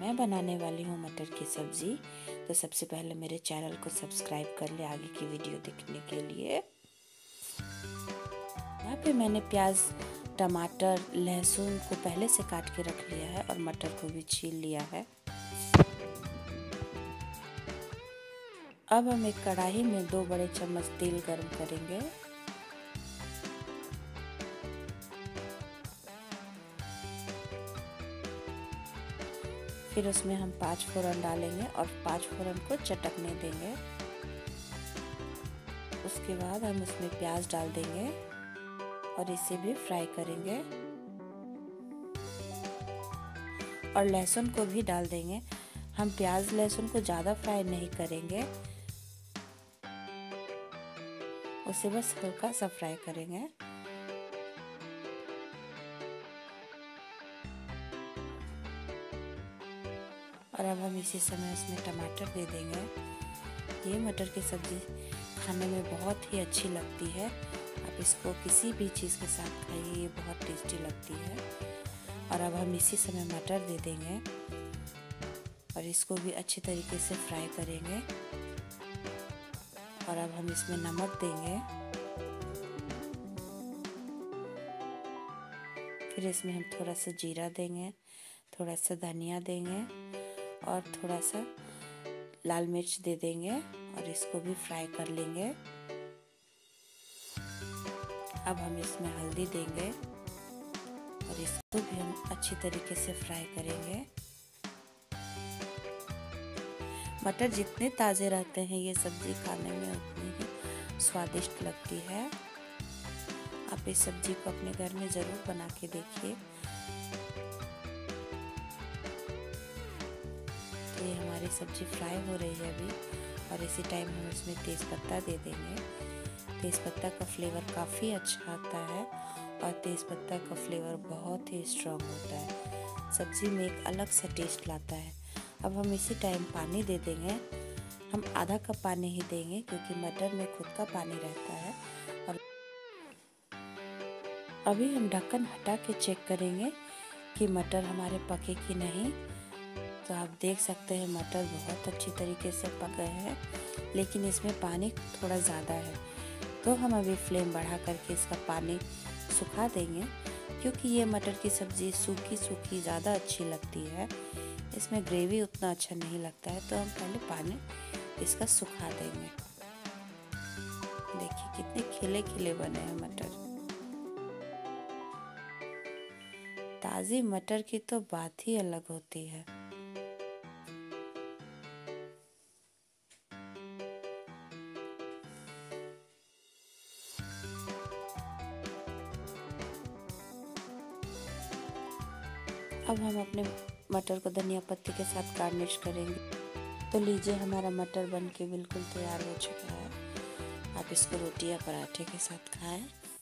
मैं बनाने वाली हूँ मटर की सब्ज़ी तो सबसे पहले मेरे चैनल को सब्सक्राइब कर ले आगे की वीडियो देखने के लिए यहाँ पे मैंने प्याज टमाटर लहसुन को पहले से काट के रख लिया है और मटर को भी छील लिया है अब हम एक कढ़ाई में दो बड़े चम्मच तेल गर्म करेंगे फिर उसमें हम पाँच फोरन डालेंगे और पाँच फोरन को चटकने देंगे उसके बाद हम उसमें प्याज डाल देंगे और इसे भी फ्राई करेंगे और लहसुन को भी डाल देंगे हम प्याज लहसुन को ज़्यादा फ्राई नहीं करेंगे उसे बस हल्का सा फ्राई करेंगे और अब हम इसी समय उसमें टमाटर दे देंगे ये मटर की सब्ज़ी खाने में बहुत ही अच्छी लगती है आप इसको किसी भी चीज़ के साथ खाइए ये बहुत टेस्टी लगती है और अब हम इसी समय मटर दे देंगे और इसको भी अच्छे तरीके से फ्राई करेंगे और अब हम इसमें नमक देंगे फिर इसमें हम थोड़ा सा जीरा देंगे थोड़ा सा धनिया देंगे और थोड़ा सा लाल मिर्च दे देंगे और इसको भी फ्राई कर लेंगे अब हम इसमें हल्दी देंगे और इसको भी हम अच्छी तरीके से फ्राई करेंगे मटर जितने ताज़े रहते हैं ये सब्ज़ी खाने में उतनी ही स्वादिष्ट लगती है आप इस सब्ज़ी को अपने घर में ज़रूर बना के देखिए हमारी सब्ज़ी फ्राई हो रही है अभी और इसी टाइम हम इसमें तेज़पत्ता दे देंगे तेज़पत्ता का फ्लेवर काफ़ी अच्छा आता है और तेज़पत्ता का फ्लेवर बहुत ही स्ट्रॉन्ग होता है सब्ज़ी में एक अलग सा टेस्ट लाता है अब हम इसी टाइम पानी दे देंगे हम आधा कप पानी ही देंगे क्योंकि मटर में खुद का पानी रहता है और अभी हम ढक्कन हटा के चेक करेंगे कि मटर हमारे पके कि नहीं तो आप देख सकते हैं मटर बहुत अच्छी तरीके से पक गए हैं लेकिन इसमें पानी थोड़ा ज़्यादा है तो हम अभी फ्लेम बढ़ा करके इसका पानी सुखा देंगे क्योंकि ये मटर की सब्ज़ी सूखी सूखी ज़्यादा अच्छी लगती है इसमें ग्रेवी उतना अच्छा नहीं लगता है तो हम पहले पानी इसका सुखा देंगे देखिए कितने खिले खिले बने हैं मटर ताज़ी मटर की तो बात ही अलग होती है अब हम अपने मटर को धनिया पत्ती के साथ गार्निश करेंगे तो लीजिए हमारा मटर बन के बिल्कुल तैयार हो चुका है आप इसको रोटी या पराठे के साथ खाएं